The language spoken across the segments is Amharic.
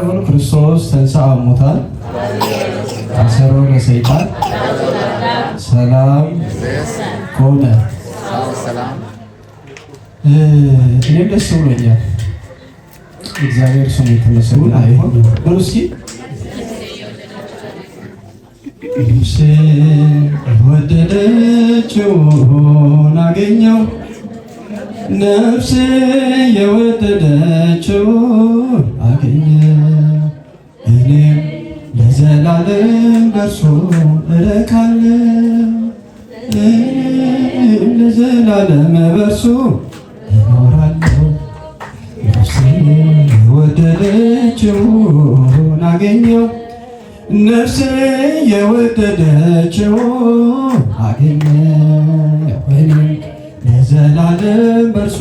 አሁን ክርስቶስ ተንሥአ እሙታን አሰሮ ለሰይጣን ሰላም ከሆነ እኔ ደስ ብሎኛል። እግዚአብሔር ስሙ የተመሰገነ ይሁን። እስኪ ሙሴን የወደደችውን አገኘው፣ ነፍሴ የወደደችውን አገኘ ደርሶ እረካለን ለዘላለም በርሱ እኖራለሁ። ነፍሴ የወደደችውን አገኘው ነፍሴ የወደደችውን አገኘው ለዘላለም በርሱ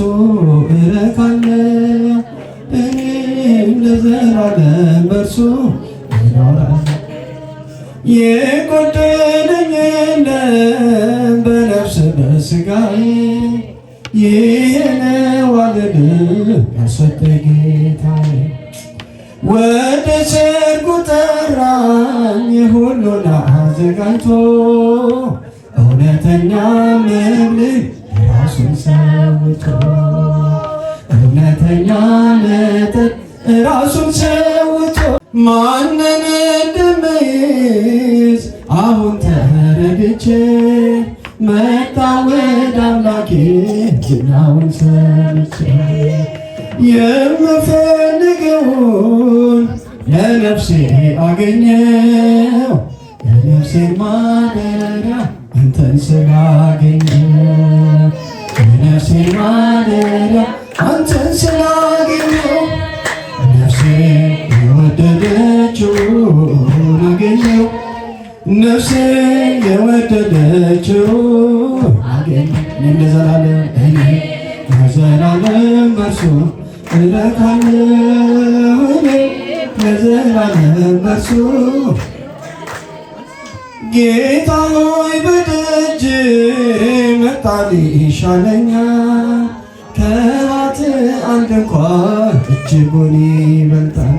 እረካለሁ ለዘላለም በርሱ እኖራለሁ የጎደለኝ የለም በነፍስ በስጋ ይህንዋልን ያሰጠ ጌታ ወደ ሰርጉ የሁሉን አዘጋጅቶ እውነተኛ መብል ራሱን ሰውቶ እውነተኛ መጠጥ ራሱን ማንን ልምስ አሁን ተረድቼ መጣሁ ወደ አምላኬ ዝናውን ሰምቼ የምፈልገውን ለነፍሴ አገኘው ለነፍሴ ማደሪያ አንተን ስላገኘው ለነፍሴ ማደሪያ አንተን ስላገኘው የወደደችውን አገኘው ነፍሴ የወደደችውን አገኘው እኔም ለዘላለም እኔ ለዘላለም ለዘላለም በእርሱ ጌታ ሆይ በደጅ መጣል ይሻለኛል ከራት አንድ እንኳ እጅጉን ይበልጣል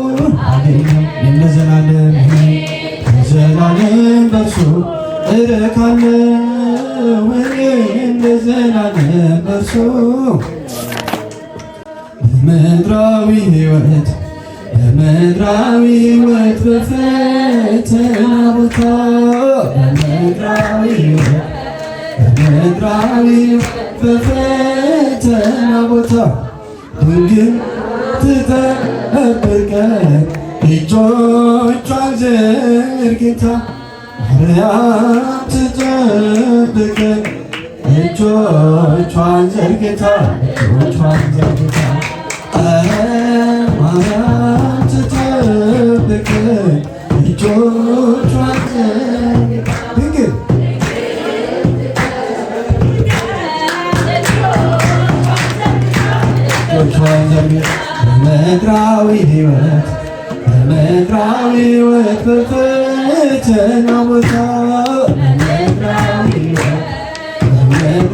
በምድራዊ ሕይወት በምድራዊ ሕይወት በፈተና ቦታ በምድራዊ ሕይወት በምድራዊ በፈተና ቦታ ድንግል ትጠብቀን እጆቿን ዘርግታ ማርያም ትጠብቀን እጆቿን ዘርግታ እጆቿን ዘርግታ ማርያም ስትጠብቀኝ እጆቿን እጆቿን ዘርግታ በምድራዊ ሕይወት በምድራዊ ሕይወት በፈተና ቦታ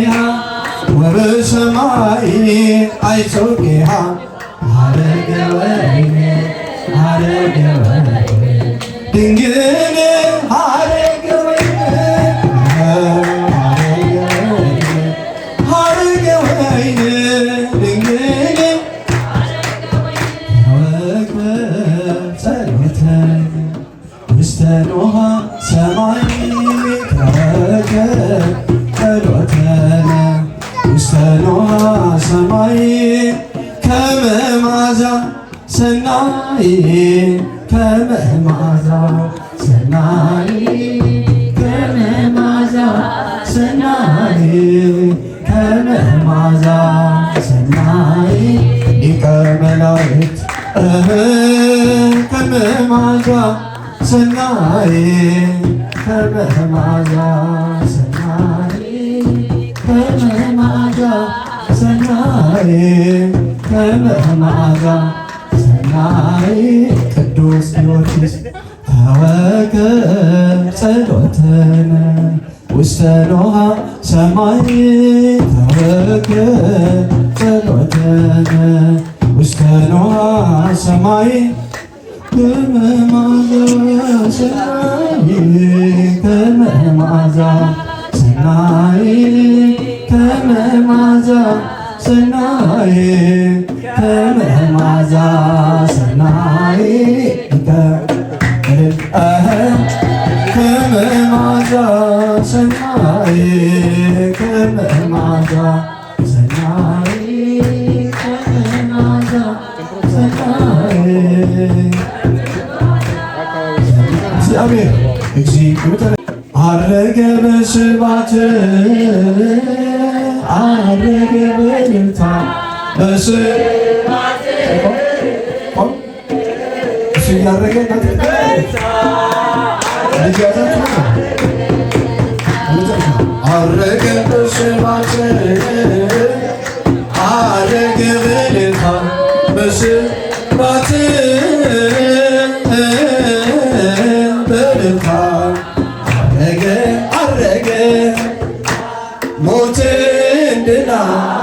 በምድርያ ወበሰማይ አይሶጌሃ አረገወይነ አረገወይነ ድንግል አረገወይነ አረገወይነ ድንግል ወክበ ጸሎተ ውስተ ኖሃ እግዚአብሔር ከመማዛ ሰናይ ከመማዛ ሰናይ ከመማዛ ሰናይ ሊቀ መላእክት ከመማዛ ሰናይ ከመማዛ ሰናይ ከመማዛ ሰናይ ከመማዛ መካሪ ቅዱስ ጊዮርጊስ ተወከል ጸሎተነ ውስተ ኖሃ ሰማይ ተወከል ጸሎተነ ውስተ ኖሃ ሰማይ ከመማዛ ሰናይ ከመማዛ ሰናይ ከመማዛ ሰናይ ከመማዛ ሰናይ ከመማዛ እግዚአብሔር አረገ በስባት አረገ በእልልታ በስ እሱ እያረገ አረገ በስማት አረገ በስማት አረገ አረገ ድል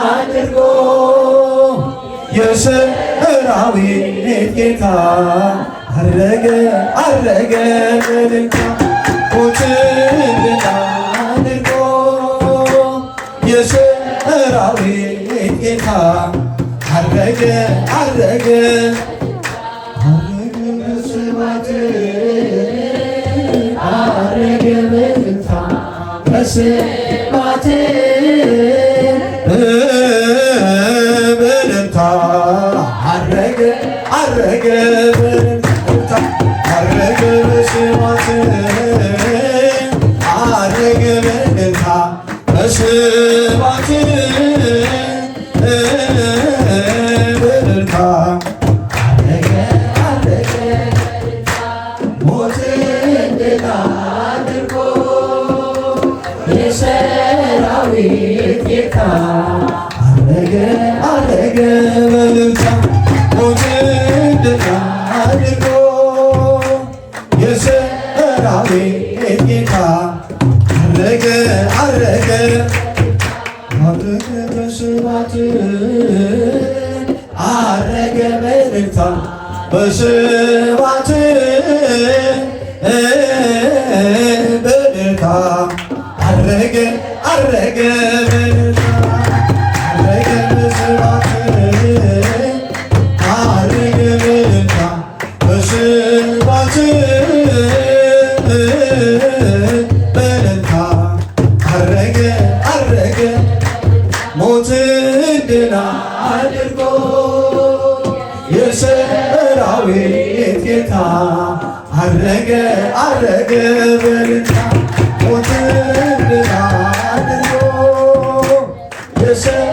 አድርጎ የሰራዊት ጌታ አረገ አረገ ድንቃ ሞትን ድል አድርጎ የሰራዊት ጌታ አረገ አረገ አረገ የሰራዊት ጌታ አረገ አረገ ድንቅ አድርጎ የሰራዊት ጌታ አረገ አረገ አረገ በስባት አረገ በድርታ በስባት yourself.